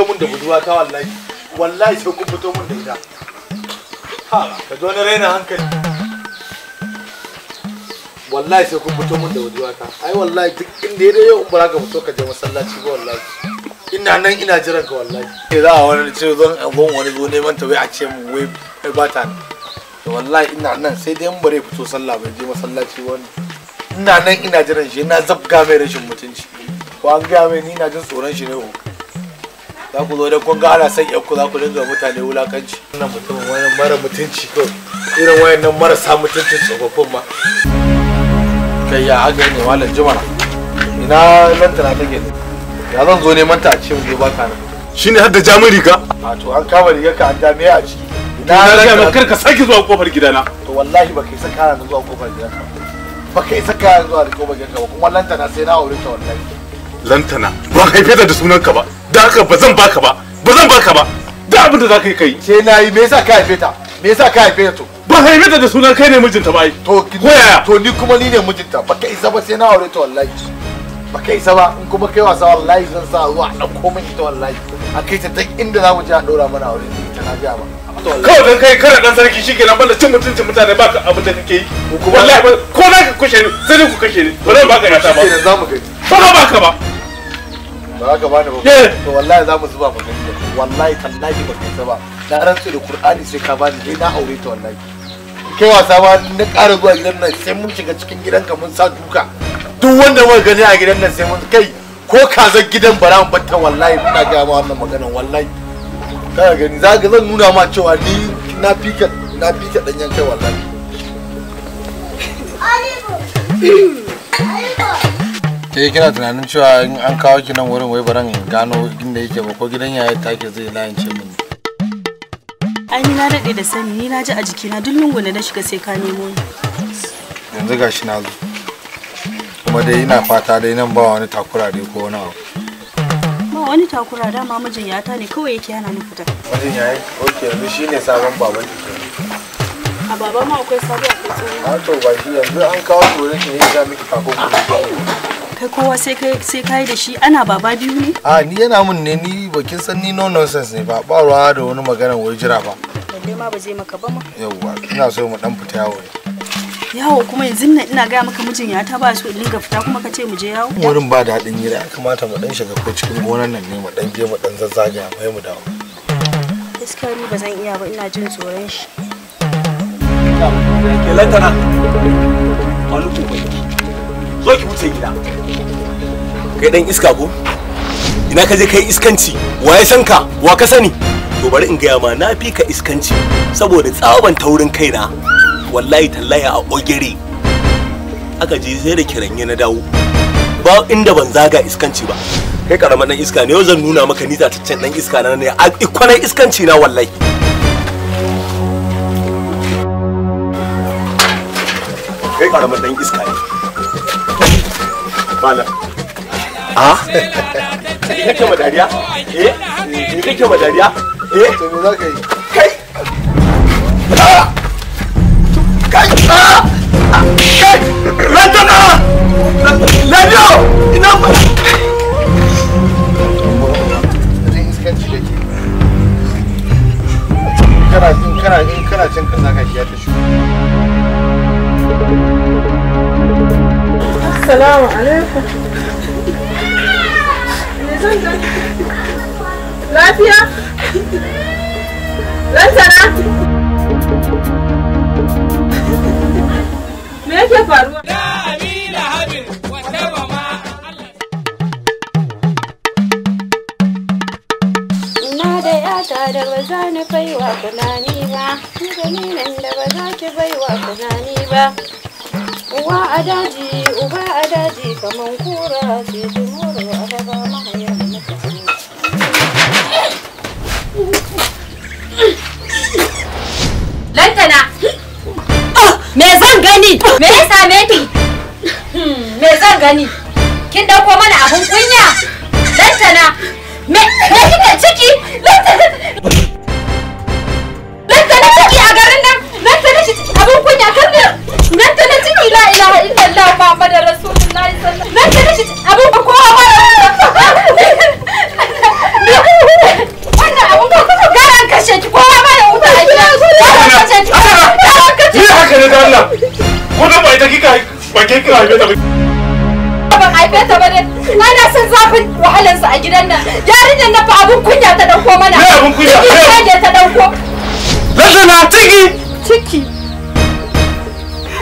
fito mun da buduwa ta wallahi wallahi sai kun fito mun da ita ha ka zo na raina hankali wallahi sai kun fito mun da buduwa ta ai wallahi duk inda yayi yau in ba ka fito ka je masallaci ba wallahi ina nan ina jiran ka wallahi ke eh, za a wani ce zon angon wani zo neman ta wai a ce mu wai ai ba ta to wallahi ina nan sai dai in bare fito sallah bai je masallaci ba. ina nan ina jiran shi na zabga mai rashin mutunci ko an gaya mai ni na jin tsoron shi ne ko za ku zo da kun ga ana yan yanku za ku dinga mutane wulakanci wannan mutumin wani mara mutunci ko irin wayannan marasa mutunci tsofaffin ma kai ya haka ne malam jimara ina lantana take ne ya zan zo neman ta a ce mu ba ka nan shine har da jamin riga a to an kama riga ka an me a ciki ina ga ma karka sake zuwa kofar gidana to wallahi baka isa kana zuwa kofar gidana baka isa kana zuwa kofar gidanka kuma lantana sai na aure ta wallahi lantana ba haife ta da sunanka ba da haka ba zan baka ba ba zan baka ba da abin da za ka yi kai ke na yi me yasa ka haife ta me yasa ka haife ta to ba haife ta da sunan kai ne mijinta ba ai to to ni kuma ni ne mijinta ba kai isa ba sai na aure ta wallahi ba kai isa ba in kuma kai wasa wallahi zan sa zuwa a ɗauko min ita wallahi a kai ta duk inda za mu je a dora mana aure ta na ja ba kawai dan kai kana dan sarki shi kenan banda cin mutuncin mutane ba ka abin da kake yi wallahi ko na ka kushe ni sai ku kashe ni ba zan baka yata ba kai ba ka ba ba ka bani ba to wallahi za mu zuba mu gani wallahi tallahi ba kai ba na rantsu da qur'ani sai ka bani dai na aure ta wallahi kai wasa ba na ƙara zuwa gidan nan sai mun shiga cikin gidan ka mun sa duka duk wanda muka gani a gidan nan sai mun kai ko kazan gidan bara mu batta wallahi ina ga ma wannan maganan wallahi ka gani za ga zan nuna ma cewa ni na fika na fika danyen kai wallahi Alibu! Alibu! ke eh, kina tunanin cewa in an kawo ki nan wurin wai baran gano inda yake ba ko gidan yaya take zai layance mini ai ni na daɗe da sani ni na ji a jikina duk lungu na shiga sai ka nemo ni yanzu gashi na zo kuma dai ina fata dai nan ba wani takura dai ko wani abu ba wani takura dama mijin yata ne kawai yake yana ni fita mijin yayi oke yanzu shine sabon baban ki a baba ma akwai sabuwar kai tsohon a ah, to ba shi yanzu an kawo tsoron ki ne ya miki takon kuma kai kowa sai kai sai kai da shi ana baba biyu ne a ni yana mun ne ni bakin san ni no nonsense ne ba ba ruwa da wani magana wai jira ba lalle ma ba zai maka ba ma yawwa ina so mu dan fita yawo yawo kuma yanzu nan ina gaya maka mijin ya ta ba su in dinga fita kuma ka ce mu je yawo wurin ba da hadin ya kamata mu dan shiga ko cikin gonan nan ne mu dan je mu dan zazzaga mai mu dawo gaskiya ni ba zan iya ba ina jin tsoron shi ke lantana zo ki wuce gida kai dan iska ko ina ka je kai iskanci wa ya san ka wa ka sani to bari in gaya ma na fi ka iskanci saboda tsaban taurin kaina wallahi tallahi a ogere aka je sai da kiranye na dawo ba inda ban zaga iskanci ba kai karaman dan iska ne yau zan nuna maka ni can dan iska na ne a ikwanan iskanci na wallahi kai karamar dan iska ne malam a ah? ni kake ma dariya eh ni kake ma dariya eh to me za ka yi kai ah! kai ah! kai lantana ladio ina ba kana in kana in kana cin kasa ka shi ta shi Assalamu alaikum. Lafiya? Ran Me yake faruwa? da ba za ni baiwa kunani ba, ni da da ba za ki baiwa kunani ba. uwa a daji uba a daji kaman kura ce tumuru a gaba mahayar mutane lantana ah, me zan gani me ya same ki hmm, me zan gani kin dauko mana abun kunya lantana me me kike ciki lantana lantana ciki a garin nan lantana ciki abun kunya kar nan ta nace la ilaha illallah muhammadu rasulullahi sallallahu alaihi wasallam nan ta nace abin ba kowa ba wannan abin ba garan kashe ki kowa ba wuta a gida garan kashe ki kashe ki haka ne da Allah wannan ba ba ke kira ta ba ban haife ta ana zafin a gidan nan yarinyar na fa abun kunya ta dauko mana ne abin kunya ne ta dauko Lallana ciki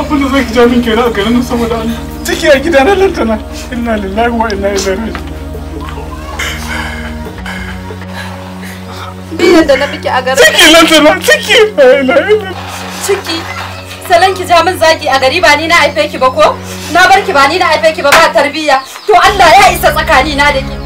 abin da zaki ja min kenan a garin saboda Allah ciki a gida na lantana inna lillahi wa inna ilaihi raji'un biyar da na miki a garin ciki lantana ciki ciki salon ki ja min zaki a bani ba ni na haife ki ba ko na bar ki ba ni na haife ki ba ba tarbiyya to Allah ya isa tsakani na da ki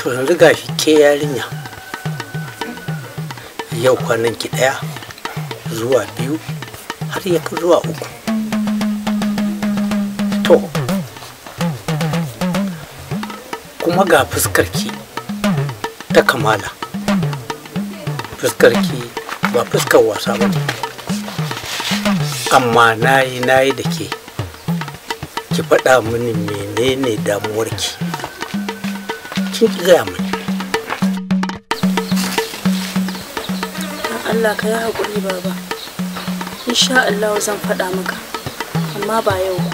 to yanzu ga shi ke yarinya yau kwanan ki ɗaya zuwa biyu har ya zuwa uku to kuma ga fuskarki ta kamala fuskarki ba fuskar wasa ba amma na yi na yi da ke ki faɗa mini menene damuwarki ki gaya mun Allah ka yi haƙuri baba insha Allah zan faɗa maka amma ba yau ba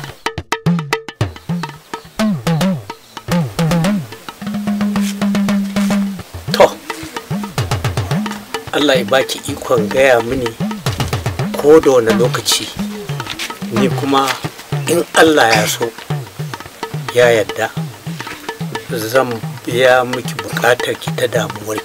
to Allah ya baki ikon gaya mini ko da wani lokaci ni kuma in Allah ya so ya yadda zan y'a miki bukatar ki ta damuwar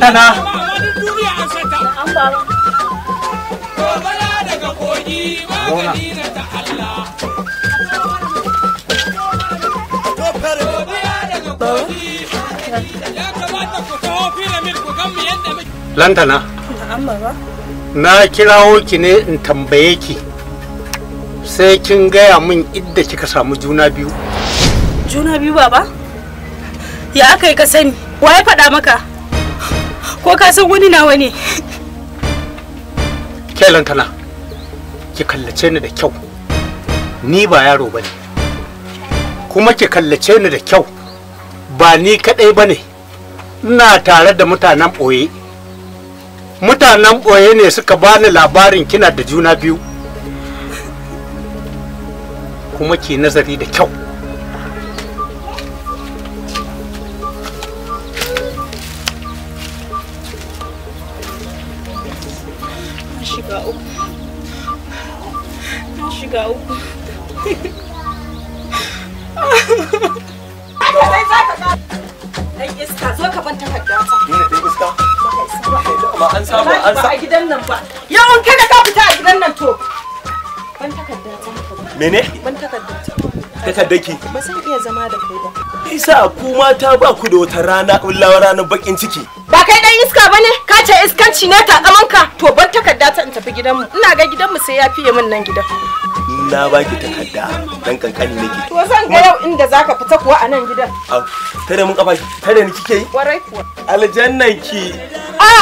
ɗanɗana lantana na kirawo ki ne in tambaye ki sai kin gaya min idda kika samu juna biyu juna biyu baba ya aka yi ka sani wa ya faɗa maka ko ka san wani nawa ne ke tana ki kallace ni da kyau ni ba yaro bane kuma ki kallace ni da kyau ba ni kadai bane ina tare da mutanen boye mutanen ɓoye ne suka bani labarin kina da juna biyu kuma ki nazari da kyau shiga uku Dan iska zo ka ban takarda ta. Ni ne dan iska? Amma a gidan nan ba. Yawan kada ka fita a gidan nan to. Ban takarda ta. Mene? Ban takarda ta. takardaki ba san iya zama da kai ba isa ku mata ba ku da wata rana ullawa ranar bakin ciki ba kai dan iska bane ka ce iskanci ne kamanka to ban takarda ta in tafi gidan mu ina ga gidan mu sai ya fiye min nan gidan na baki takarda dan kankani nake to zan ga yau inda zaka fita kuwa a nan gidan a tare mun kafa tare ni kike yi warai kuwa aljannan ki a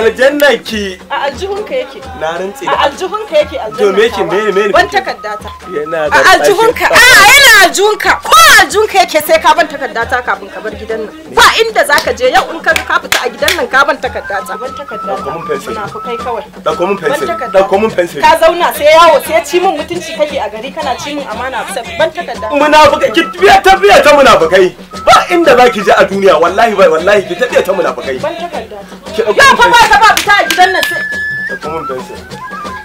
aljannan ki a aljuhun ka yake na rantsi a aljuhun ka yake aljanna to me yake me me ban takarda ta yana da aljuhun ka a yana aljuhun ka ko aljuhun ka yake sai ka ban takarda ta kafin ka bar gidan nan ba inda zaka je yau in ka ka fita gidan nan ka ban takarda ta ban takarda ta mun fensi na fa kai kawai da ko mun fensi da ko mun fensi ka zauna sai yawo sai ci mun mutunci kake a gari kana ci mun amana ban takarda munafukai ki biya ta biya ta munafukai ba inda zaki je a duniya wallahi bai wallahi ki ta biya ta munafukai ban takarda ya fa ba ta ba fita a gidan nan sai da ko mun fensi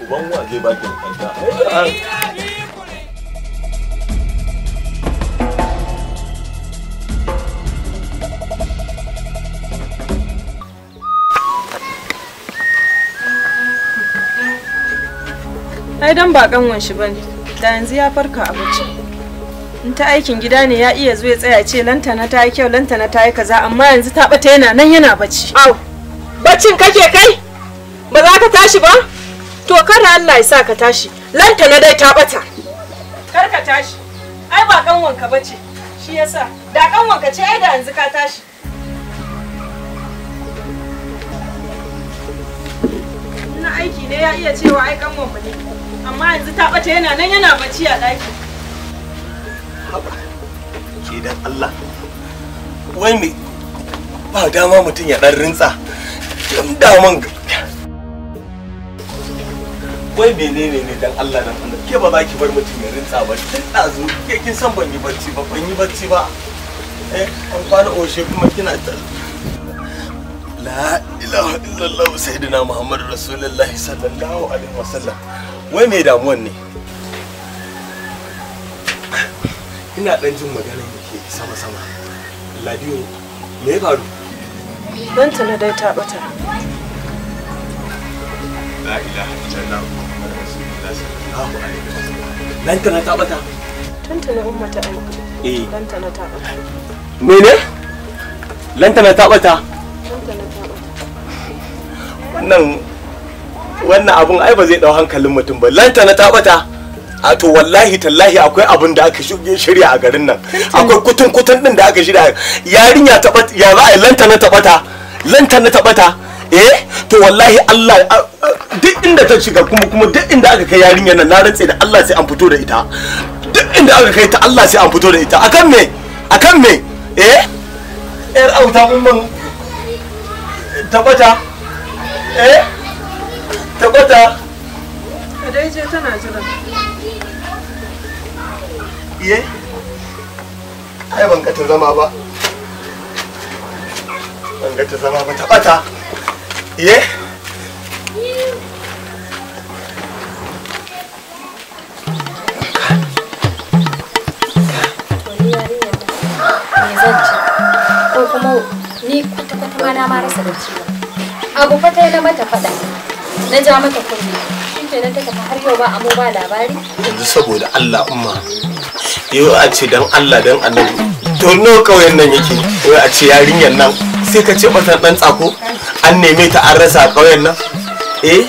uban wa zai baki takarda ai dan ba kanwan shi bane da yanzu ya farka a bacci in ta aikin gida ne ya iya zuwa tsaya ce lantana ta yi kyau lantana ta yi kaza amma yanzu ta bata yana nan yana bacci au baccin kake kai ba za ka tashi ba to kada Allah ya sa ka tashi lantana dai ta bata kar ka tashi ai ba kanwan ka bace shi yasa da kanwan ka ce ai da yanzu ka tashi na aiki ne ya iya cewa ai kanwan mu ne amma yanzu ta bata yana nan yana bacci a ɗaki ke dan Allah wai me ba dama mutum ya ɗan rintsa dan daman wai menene ne ne dan Allah dan Allah ke ba za ki bar mutum ya rintsa ba tun zo ke kin san ban yi barci ba ban yi bacci ba eh an kwana oshe kuma kina la ilaha illallah sayyidina muhammadu rasulullahi sallallahu alaihi wasallam wai mai damuwan ne ina dan jin magana yake sama sama ladiyo me ya faru dan na dai ta bata la ilaha illallah dan tana ta tantana ta aiki eh dan tana ta mene lantana ta lantana ta wannan wannan abun ai ba zai dau hankalin mutum ba lantana ta bata a to wallahi tallahi akwai abin da aka shirya a garin nan akwai kutun kutun din da aka shirya yarinya ta bata ya za a lantana ta bata lantana ta bata eh to wallahi Allah duk inda ta shiga kuma kuma duk inda aka kai yarinyar nan na rantse da Allah sai an fito da ita duk inda aka kai ta Allah sai an fito da ita akan me akan me eh yar auta mun tabata eh ta kwata Khadija tana jira iye ai ban ta zama ba ban ta iye ko kuma ni kwata-kwata ma na rasa da ciwo na mata faɗa na ja mata kunne shi ke nan ta har yau ba amo ba labari yanzu saboda Allah umma yau a ce dan Allah dan annabi to nawa kauyen nan yake wai a ce yarinyar nan sai ka ce mata dan tsako an neme ta an rasa kauyen nan eh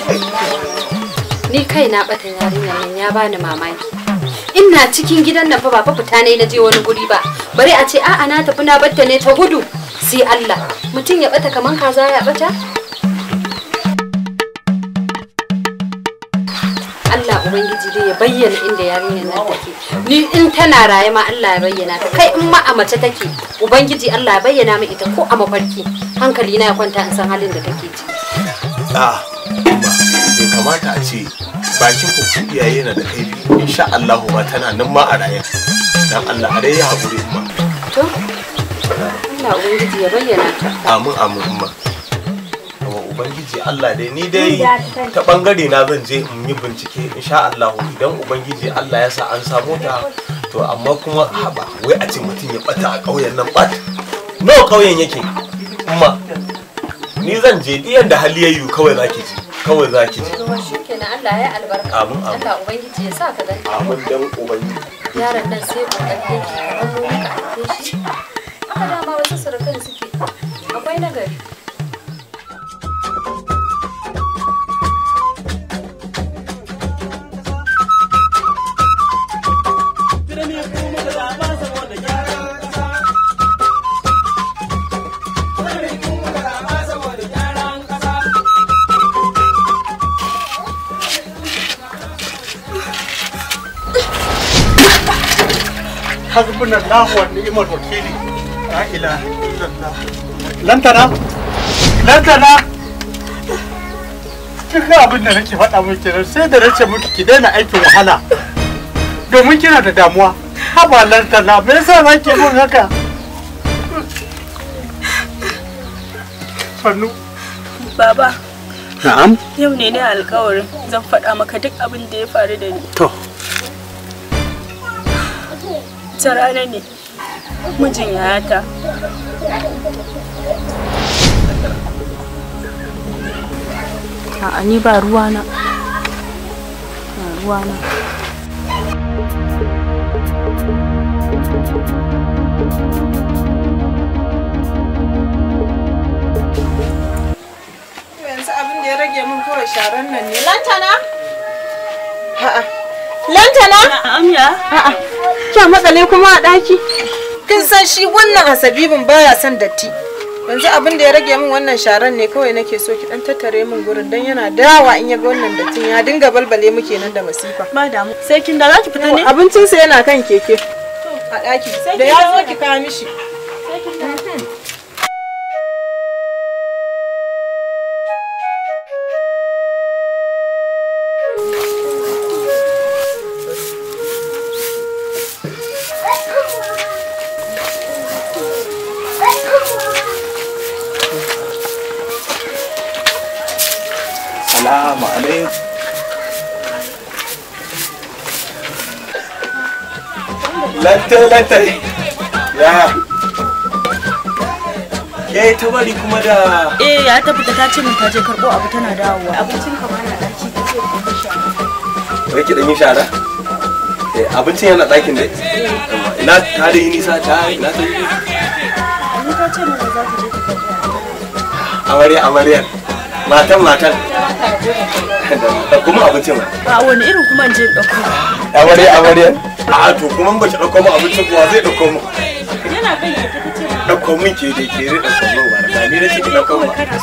ni kai na bata yarinyar nan ya bani mamaki ina cikin gidan nan fa ba fita ne na je wani guri ba bari a ce a'a na tafi na batta ne ta gudu sai Allah mutum ya bata kaman kaza ya bata ubangiji dai ya bayyana inda yarinyar nan take ni in tana raye ma Allah ya bayyana ta kai in ma a mace take ubangiji Allah ya bayyana min ita ko a mafarki hankali na ya kwanta in san halin da take ciki ah, a bai kamata a ce bakin ku iyaye na da kai insha Allah ma tana nan ma a raye dan Allah a dai ya haƙuri ma to Allah ubangiji ya bayyana ta amin amin ma ubangiji Allah dai ni dai ta bangare na zan je in yi bincike insha Allah idan ubangiji Allah ya sa an samu ta to amma kuma haba wai a ce mutum ya bata a ƙauyen nan bat nawa ƙauyen yake amma ni zan je diyan da haliyayyu kawai zaki ji kawai zaki ji Allah ya albarka amin amin Allah ubangiji ya sa ka zaki amin dan ubangiji yaron nan sai kokari yake kamar mu muka ake shi haka dama wasu surukan suke akwai nagari hasbun lantana lantana kin ga abin da nake faɗa miki kenan sai da nace miki ki daina aikin wahala domin kina da damuwa haba lantana me yasa nake mun haka sannu baba na'am yau ne ne alkawarin zan faɗa maka duk abin da ya faru da ni to wata rana ne mijin yayata ni ba ruwana ba ruwana yanzu abin da ya rage min kawai sharan nan ne lantana a'a Lantana? Na'am A'a. Kya matsale kuma a daki. Kin san shi wannan asabibin baya son datti. Yanzu abin da ya rage min wannan sharan ne kawai nake so ki dan tattare min gurin dan yana dawa in ya ga wannan dattin ya dinga balbale muke nan da masifa. Ba damu. Sai kin da za ki fita ne? Abincinsa yana kan keke. A daki. Da ya zo ki kawo mishi. wutar lantarki ya ke eh, ta bari kuma da eh ya ta fita ta ce min ta je karbo abu tana dawowa abincin ka na daki ta ce ku shara ki dan yi shara eh abincin yana dakin dai ina ta da yi nisa ta ina ta yi ni ta ce min za ta je ta karbo amarya amarya matan matan da kuma abincin ba wani irin kuma je dauko amarya amarya a'a to kuma ba ki dauko mu abinci kuwa zai dauko mu yana ban ya tafi ce dauko mun ke ke da dauko mu ba da ni da dauko mu kana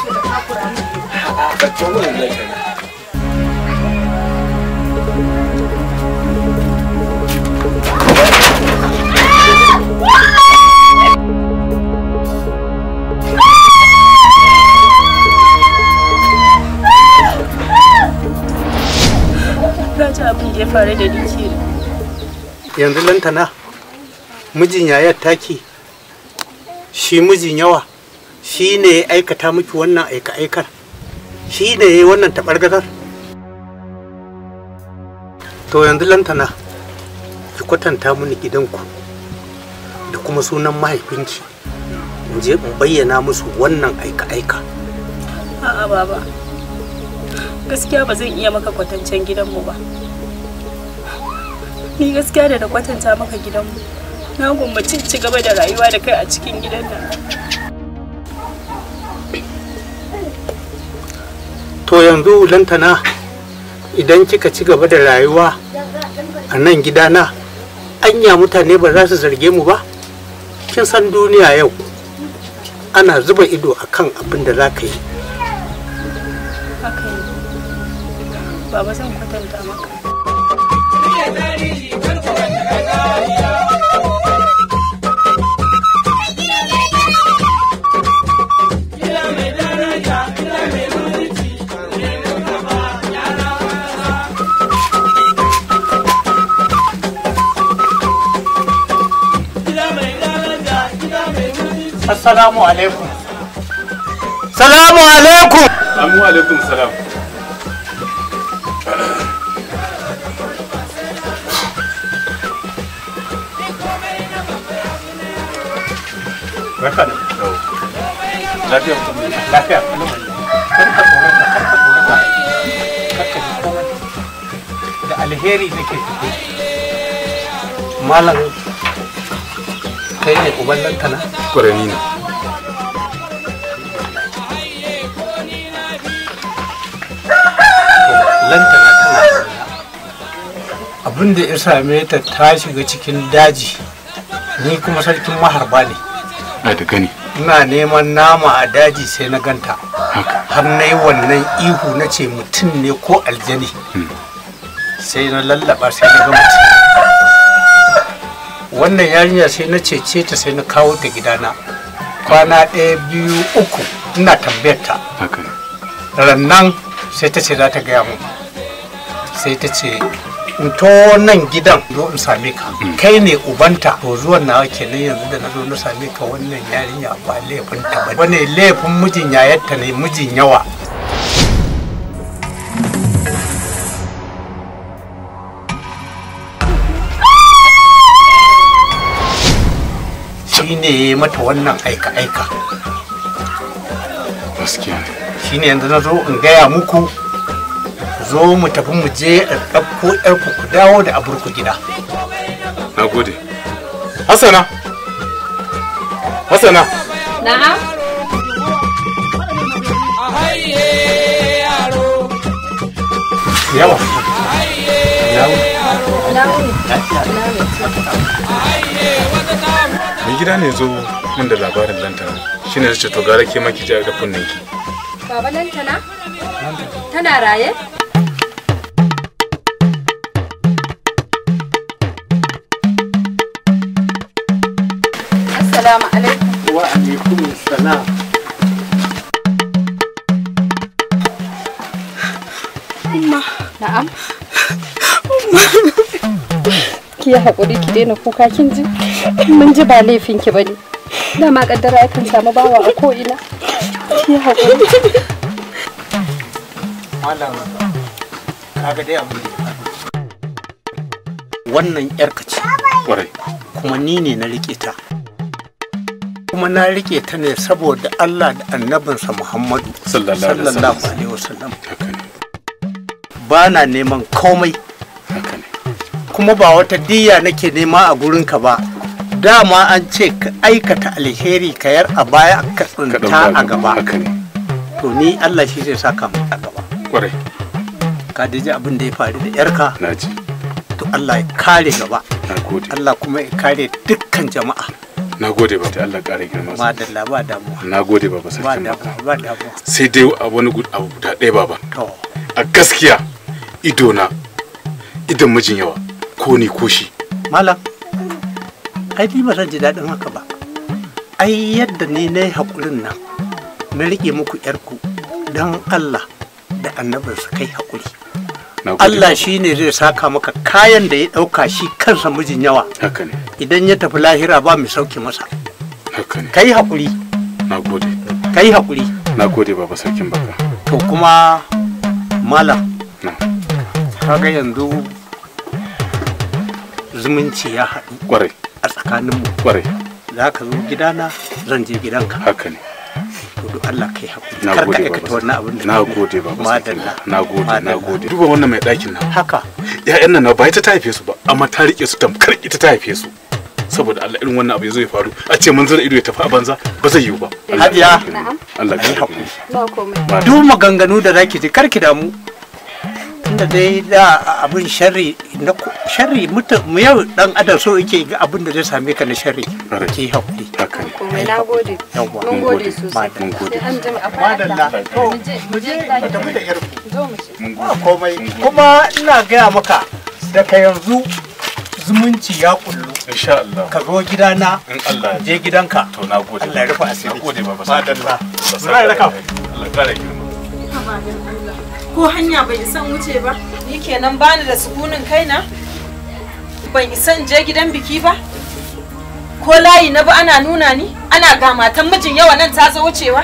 to ya faru da ni yanzu lantana mijin ya taki shi mijin yawa shi ne ya aikata miki wannan aika-aikar shi ne ya yi wannan taɓargazar to yanzu lantana ki kwatanta mini gidanku da kuma sunan mahaifinki in je in bayyana musu wannan aika-aika a'a baba gaskiya ba zan iya maka kwatancen gidanmu ba ni gaskiya da na kwatanta maka gidanmu na gwammaci ci gaba da rayuwa da kai a cikin gidan nan to yanzu lantana idan kika ci gaba da rayuwa a nan gidana anya mutane ba za su zarge mu ba kin san duniya yau ana zuba ido a kan abin da za ka yi baba zan kwatanta maka Assalamu alaikum. Assalamu alaikum. Assalamu alaikum lafiya lafiya alheri nake ne na abinda ya same ta ta shiga cikin daji ni kuma sarkin maharba ne na da gani ina neman nama a daji sai na ganta har na yi wannan ihu na ce mutum ne ko aljani hmm. sai na lallaba sai na ga mutum wannan yarinya sai na cece ta sai na kawo ta gidana kwana ɗaya biyu uku ina tambayar ta rannan sai ta ce za ta gaya mu sai ta ce in to nan gidan zo in same ka mm. kai ne ubanta to zuwan nawa kenan yanzu da na zo na same ka wannan yarinya ba laifin ta ba wani laifin mijin yayarta ne mijin yawa shi ne mata wannan aika-aika gaskiya shi ne yanzu na zo in gaya muku zo mu tafi mu je a ɗauko ƴarku ku dawo da aburku gida na gode hasana hasana na'am yawa mai gida ne zo min da labarin lantana ne da ce to gara ke maki ji a ga kunnen baba lantana tana raye Assalamu alaikum. Wa alaikum salam. Umma. Na'am. Umma. Ki haƙuri ki daina kuka kin ji? Mun ji ba laifin ki bane. Dama kaddara ya kan samu bawa a ko ina. Ki haƙuri. Malama. Kaga dai abu Wannan yarka ce. kwarai Kuma ni ne na riƙe ta. kuma na rike ta ne saboda Allah da annabinsa Muhammadu sallallahu alaihi wasallam ba na neman komai kuma ba wata diya nake nema a gurinka ba dama an ce ka aikata alheri ka yar a baya ka tsinta a gaba to ni Allah shi zai saka mu a gaba kwarai ka ji abin da ya faru da yarka to Allah ya kare gaba Allah kuma ya kare dukkan jama'a na gode ba ta Allah ƙara girma ma na gode ba ba ba damuwa sai wani abu guda ɗaya baba to a gaskiya ido na idan mijin yawa ko ni ko shi malam ai ni ba ji daɗin haka ba ai yadda ni na yi haƙurin nan na riƙe muku yarku don Allah da annabinsa kai haƙuri Allah shi ne zai saka maka kayan da ya ɗauka shi kansa mijin yawa idan ya tafi lahira ba mu sauke masa ka yi haƙuri ka yi haƙuri na gode baba sarkin baka to kuma mala kaga yanzu zumunci ya haɗu a tsakaninmu za ka zo gidana zan je gidanka haka ne Allah kai hakuri kar ka aikata wannan abin da na gode baba madalla na gode na gode duba wannan mai ɗakin nan haka ƴaƴan nan ba ita ta haife su ba amma ta rike su tamkar ita ta haife su saboda Allah irin wannan abu ya zo faru a ce mun zira ido ya tafi a banza ba zai yiwu ba hadiya Allah ka hakuri ba komai duk maganganu da zaki ji kar ki damu tunda dai da abin sharri na sharri mutum yau dan adam so yake ga abin da zai same ka na sharri ki hakuri haka ne na gode mun gode sosai mun gode madalla mu je da mu komai kuma ina gaya maka daga yanzu zumunci ya kullu insha ka zo gidana in Allah je gidanka to na gode Allah ya rufa asiri na gode baba madalla Allah ya raka Allah ya kare ko hanya bai isan wuce ba ni kenan bani da sukunin kaina ban isan je gidan biki ba ko layi na ba ana nuna ni ana ga matan mijin yawa nan ta zo wucewa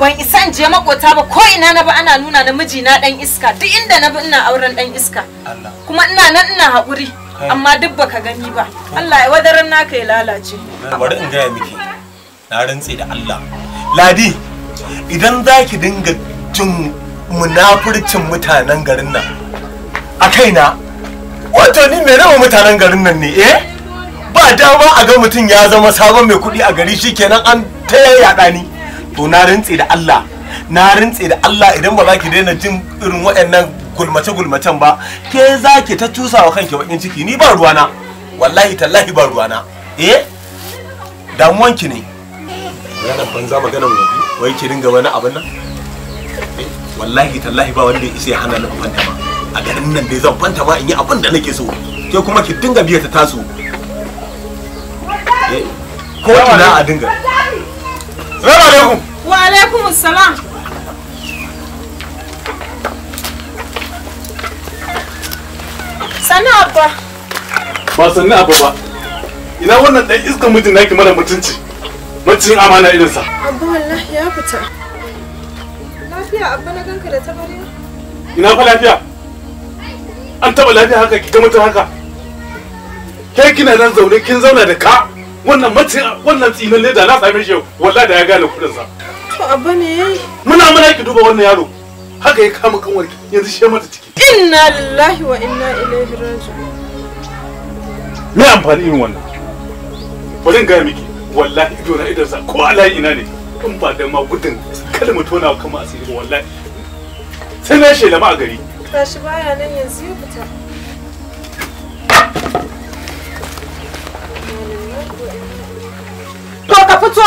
ban isan je makota ba ko ina na ba ana nuna na miji na dan iska duk inda na bi ina auren dan iska kuma ina nan ina haƙuri amma duk baka gani ba Allah ya wadaran naka ya lalace bari in gaya miki na rantse da Allah ladi idan zaki dinga jin munafurcin mutanen garin nan a kaina wato ni mai rawa mutanen garin nan ne eh ba dama a ga mutum ya zama sabon mai kuɗi a gari shikenan an ta yaɗa ni to na rintse da Allah na rintse da Allah idan ba za ki daina jin irin waɗannan gulmace-gulmacen ba ke za ki ta cusa wa kanki bakin ciki ni ba ruwana wallahi tallahi ba ruwana eh damuwanki ne maganar banza maganar wai ki dinga wani abin nan wallahi tallahi ba wanda isa ya hana na fanta ba a garin nan dai zan fanta ba in yi abin da nake so ke kuma ki dinga biya ta taso eh, ko ina a dinga salamu alaikum wa alaikum assalam sana abba ba sannu abba ba ina wannan dan iskan mijin naki mara mutunci mutum amana irinsa abba wallahi ya fita lafiya abba na ganka da tabarin. Ina fa lafiya? An taba lafiya haka ki ga haka. Ke kina nan zaune kin zauna da ka wannan mace wannan tsinan leda na same shi wallahi da ya gane kudin sa. To abba ne Muna muna ki duba wannan yaro. Haka ya kama wani yanzu shi mata ciki. Inna lillahi wa inna ilaihi raji'un. Me amfani irin wannan? Bari in gaya miki wallahi ido na idan sa ko ala ina ne in ba da ma gudun kada mu tona kuma asiri wallahi sai na shela ma a gari tashi baya nan yanzu ya fita to ka fito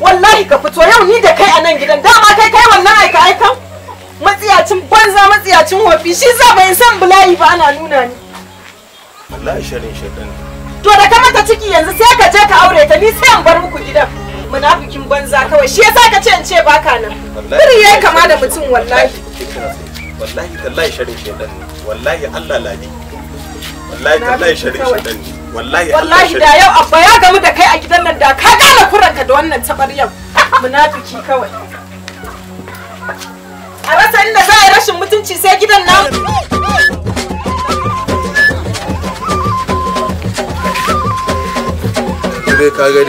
wallahi ka fito yau ni da kai a nan gidan dama kai kai wannan aika aikan matsiyacin banza matsiyacin wafi shi za bai san bulayi ba ana nuna ni wallahi sharin shaɗan to da ka mata ciki yanzu sai ka je ka aure ta ni sai an bar muku gidan munafikin banza kawai shi yasa ka ce in ce baka nan biri yayi kama da mutum wallahi wallahi tallahi sharin shedan wallahi Allah labi wallahi tallahi sharin shedan wallahi wallahi da yau abba ya gamu da kai a gidan nan da ka gane kuranka da wannan tabaryar munafiki kawai a rasa inda za a yi rashin mutunci sai gidan nan dai kaga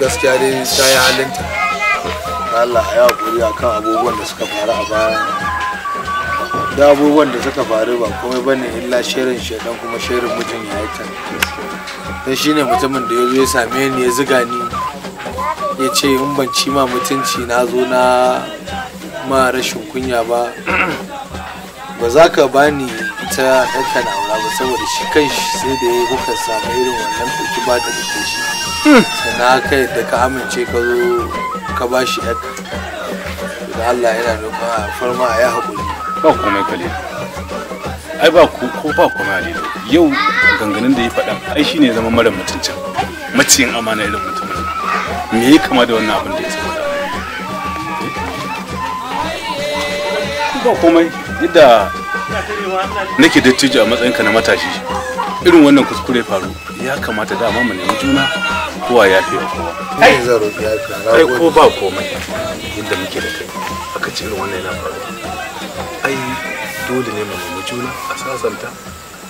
gaskiya dai ta yi halinta Allah ya hakuri akan abubuwan da suka faru a baya da abubuwan da suka faru ba komai bane illa shirin shaidan kuma shirin mijin ya yi ta don shi ne mutumin da ya zo ya same ni ya ziga ni ya ce in ban ci ma mutunci na zo na ma rashin kunya ba ba za ka bani ta ɗanka na ba saboda shi kan shi sai da ya yi hukar samu irin wannan ɗauki ba ta da shi sana kai da ka amince ka zo ka ba shi yadda da Allah yana roƙa farma a ya haƙuri ba komai kale ai ba ku ko ba komai alilu yau ganganin da ya faɗa ai shine zama mara mutuncin maciyin amana irin mutumin me ya kama da wannan abin da ya tsaya ba komai yadda nake dattijo a matsayinka na matashi irin wannan kuskure faru ya kamata dama mu nemi juna kowa ya fi kowa kai kai ko ba komai inda muke da kai aka ce wannan yana faruwa ai dole ne mu nemi juna a sasanta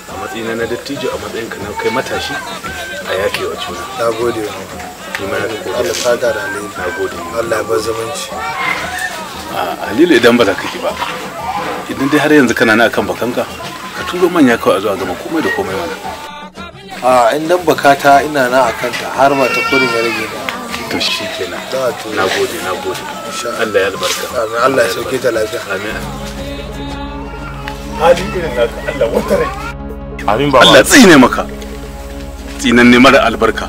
a matsayin na dattijo a matsayin ka na kai matashi a yafe wa juna nagode gode wa ni ma Allah saka da ni nagode gode Allah ya bar zamanci a Halilu idan ba za ka ki ba idan dai har yanzu kana na akan bakanka ka turo manya kawai a zuwa gama komai da komai mana a in dan bakata ina na a kanta har ba ta kurin ya rage da to shi kenan na gode na gode Allah ya albarka amin Allah ya sauke ta lafiya amin hali irin naka Allah wata rai amin baba Allah tsine maka tsinan ne mara albarka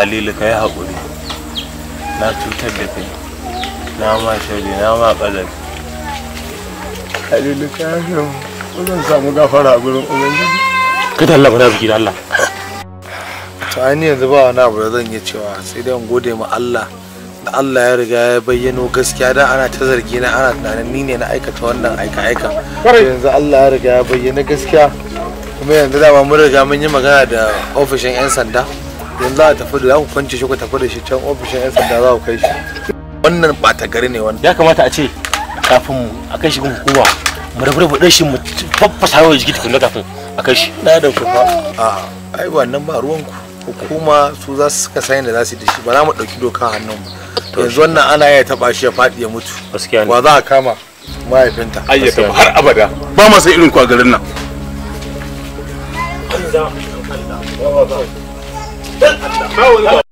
Halilu ka yi na cutar da kai na ma shari na ma ƙazafi halilu kafin zan samu gafara a gurin ubangiji ka tallafa na biki da Allah to ai yanzu ba wani abu da zan iya cewa sai dai in gode ma Allah da Allah ya riga ya bayyano gaskiya da ana ta zargi na ana tunanin ni ne na aikata wannan aika aika yanzu Allah ya riga ya bayyana gaskiya kuma yanzu da dama mun riga mun yi magana da ofishin yan sanda yanzu za a tafi da ku kwance shi ku tafi da shi can ofishin yan sanda za ku kai shi wannan ɓata gari ne wannan ya kamata a ce kafin mu a kai shi gun hukuma mu rabu rabu dan shi mu faffasa wa jiki tukunna kafin a kai shi na da kuma a ai wannan ba ruwan ku hukuma su za su suka sayin da za su yi da shi ba za mu dauki doka hannun mu yanzu wannan ana ya taba shi ya fadi ya mutu wa za a kama mahaifinta ayyata ba har abada ba ma sai irin ku a garin nan Allah